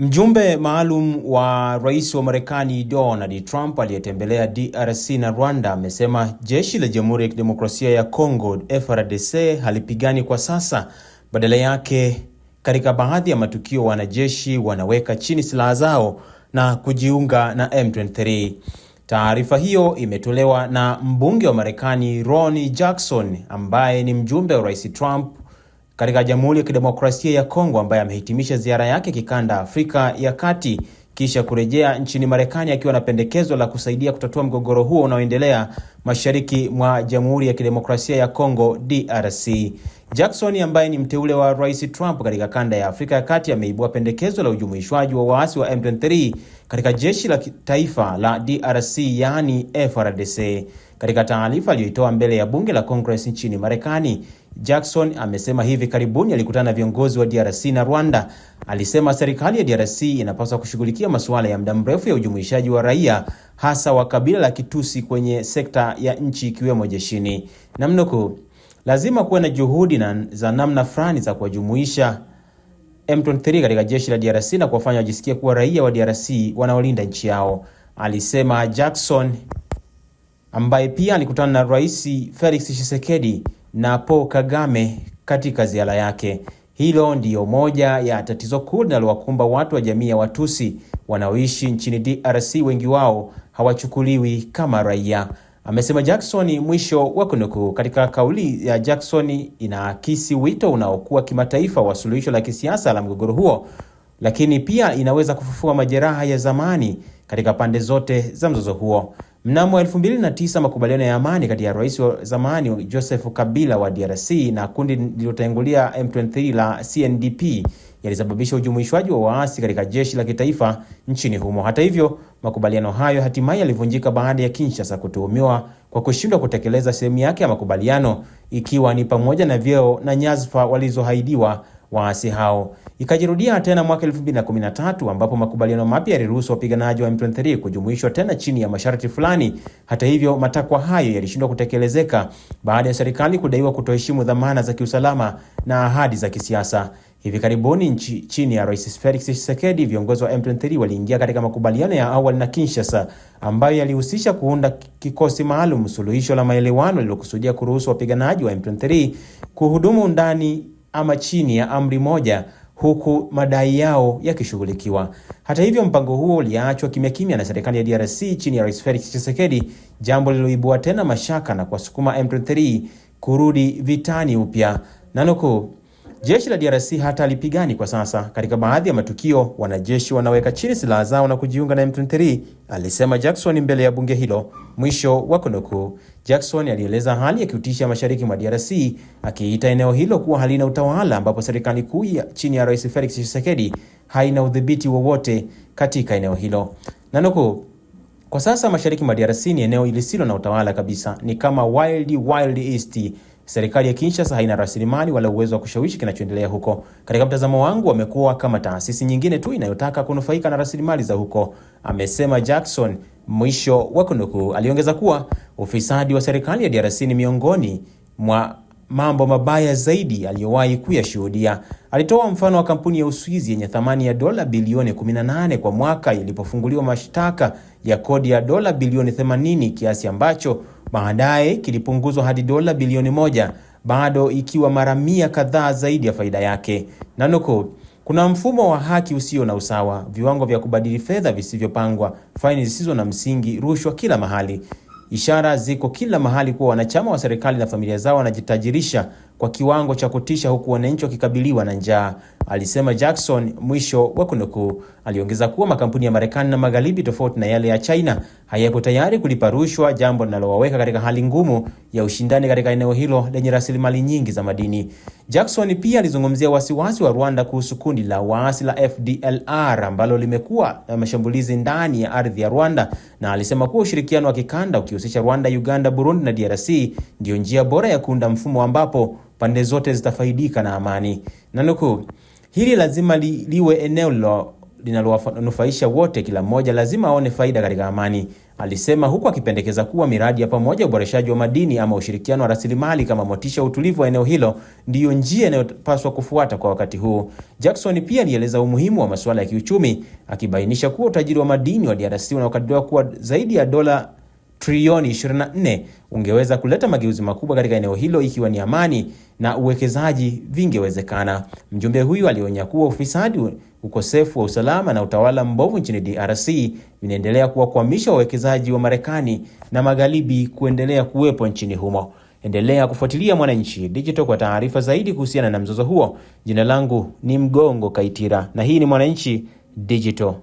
Mjumbe maalum wa Rais wa Marekani Donald Trump aliyetembelea DRC na Rwanda amesema jeshi la Jamhuri ya Kidemokrasia ya Kongo FARDC halipigani kwa sasa, badala yake katika baadhi ya matukio wanajeshi wanaweka chini silaha zao na kujiunga na M23. Taarifa hiyo imetolewa na mbunge wa Marekani Ron Jackson ambaye ni mjumbe wa Rais Trump katika Jamhuri ya Kidemokrasia ya Kongo ambaye amehitimisha ziara yake kikanda Afrika ya Kati kisha kurejea nchini Marekani akiwa na pendekezo la kusaidia kutatua mgogoro huo unaoendelea mashariki mwa Jamhuri ya Kidemokrasia ya Kongo DRC. Jackson ambaye ni mteule wa Rais Trump katika kanda ya Afrika ya Kati ameibua pendekezo la ujumuishwaji wa waasi wa M23 katika jeshi la taifa la DRC yaani FARDC. Katika taarifa aliyoitoa mbele ya bunge la Congress nchini Marekani, Jackson amesema hivi karibuni alikutana na viongozi wa DRC na Rwanda. Alisema serikali ya DRC inapaswa kushughulikia masuala ya muda mrefu ya ujumuishaji wa raia hasa wa kabila la Kitusi kwenye sekta ya nchi ikiwemo jeshini. Namnuku, lazima kuwe na juhudi na za namna fulani za kuwajumuisha M23 katika jeshi la DRC na kuwafanya wajisikie kuwa raia wa DRC wanaolinda nchi yao, alisema Jackson ambaye pia alikutana na Rais Felix Tshisekedi na Paul Kagame katika ziara yake. Hilo ndiyo moja ya tatizo kuu linalowakumba watu wa jamii ya Watusi wanaoishi nchini DRC, wengi wao hawachukuliwi kama raia, amesema Jackson. Mwisho wa kunukuu. Katika kauli ya Jackson inaakisi wito unaokuwa kimataifa wa suluhisho la kisiasa la mgogoro huo, lakini pia inaweza kufufua majeraha ya zamani katika pande zote za mzozo huo. Mnamo 2009 makubaliano ya amani kati ya rais wa zamani Joseph Kabila wa DRC na kundi lililotangulia M23 la CNDP yalisababisha ujumuishwaji wa waasi katika jeshi la kitaifa nchini humo. Hata hivyo, makubaliano hayo hatimaye yalivunjika baada ya Kinshasa kutuhumiwa kwa kushindwa kutekeleza sehemu yake ya makubaliano, ikiwa ni pamoja na vyeo na nyadhifa walizoahidiwa waasi hao. Ikajirudia tena mwaka 2013 ambapo makubaliano mapya yaliruhusu wapiganaji wa M23 kujumuishwa tena chini ya masharti fulani. Hata hivyo, matakwa hayo yalishindwa kutekelezeka baada ya serikali kudaiwa kutoheshimu dhamana za kiusalama na ahadi za kisiasa. Hivi karibuni nchi, chini ya Rais Felix Tshisekedi, viongozi wa M23 waliingia katika makubaliano ya awali na Kinshasa ambayo yalihusisha kuunda kikosi maalum, suluhisho la maelewano lililokusudia kuruhusu wapiganaji wa M23 kuhudumu ndani ama chini ya amri moja huku madai yao yakishughulikiwa. Hata hivyo, mpango huo uliachwa kimya kimya na serikali ya DRC chini ya Rais Felix Tshisekedi, jambo liloibua tena mashaka na kuwasukuma M23 kurudi vitani upya. Nanukuu, Jeshi la DRC hata alipigani kwa sasa. Katika baadhi ya matukio, wanajeshi wanaweka chini silaha zao na kujiunga na M23, alisema Jackson mbele ya bunge hilo. Mwisho wa kunukuu. Jackson alieleza hali ya kiutisha mashariki mwa DRC, akiita eneo hilo kuwa halina utawala, ambapo serikali kuu chini ya Rais Felix Tshisekedi haina udhibiti wowote katika eneo hilo. Nanuku, kwa sasa mashariki mwa DRC ni eneo lisilo na utawala kabisa, ni kama wild wild east serikali ya Kinshasa haina rasilimali wala uwezo wa kushawishi kinachoendelea huko. Katika mtazamo wangu, wamekuwa kama taasisi nyingine tu inayotaka kunufaika na rasilimali za huko, amesema Jackson. Mwisho wa kunukuu. Aliongeza kuwa ufisadi wa serikali ya DRC ni miongoni mwa mambo mabaya zaidi aliyowahi kuyashuhudia. Alitoa mfano wa kampuni ya Uswizi yenye thamani ya dola bilioni 18 kwa mwaka ilipofunguliwa mashtaka ya kodi ya dola bilioni 80, kiasi ambacho baadaye kilipunguzwa hadi dola bilioni moja, bado ikiwa mara mia kadhaa zaidi ya faida yake. Nanukuu, kuna mfumo wa haki usio na usawa, viwango vya kubadili fedha visivyopangwa, faini zisizo na msingi, rushwa kila mahali. Ishara ziko kila mahali kuwa wanachama wa serikali na familia zao wanajitajirisha kwa kiwango cha kutisha huku wananchi wakikabiliwa na njaa, alisema Jackson, mwisho wa kunukuu. Aliongeza kuwa makampuni ya Marekani na Magharibi, tofauti na yale ya China, hayako tayari kulipa rushwa, jambo linalowaweka katika hali ngumu ya ushindani katika eneo hilo lenye rasilimali nyingi za madini. Jackson pia alizungumzia wasiwasi wa Rwanda kuhusu kundi la waasi la FDLR ambalo limekuwa na mashambulizi ndani ya ardhi ya Rwanda, na alisema kuwa ushirikiano wa kikanda ukihusisha Rwanda, Uganda, Burundi na DRC ndiyo njia bora ya kuunda mfumo ambapo pande zote zitafaidika na amani. Na nukuu, hili lazima li, liwe eneo linalowanufaisha wote. Kila mmoja lazima aone faida katika amani, alisema, huku akipendekeza kuwa miradi ya pamoja, uboreshaji wa madini ama ushirikiano wa rasilimali kama motisha utulivu wa eneo hilo ndiyo njia inayopaswa kufuata kwa wakati huu. Jackson pia alieleza umuhimu wa masuala ya kiuchumi, akibainisha kuwa utajiri wa madini wa DRC unaokadiriwa kuwa zaidi ya dola trilioni 24 ungeweza kuleta mageuzi makubwa katika eneo hilo ikiwa ni amani na uwekezaji vingewezekana. Mjumbe huyu alionya kuwa ufisadi, ukosefu wa usalama na utawala mbovu nchini DRC vinaendelea kuwakwamisha wawekezaji wa Marekani na Magharibi kuendelea kuwepo nchini humo. Endelea kufuatilia Mwananchi Digital kwa taarifa zaidi kuhusiana na mzozo huo. Jina langu ni Mgongo Kaitira na hii ni Mwananchi Digital.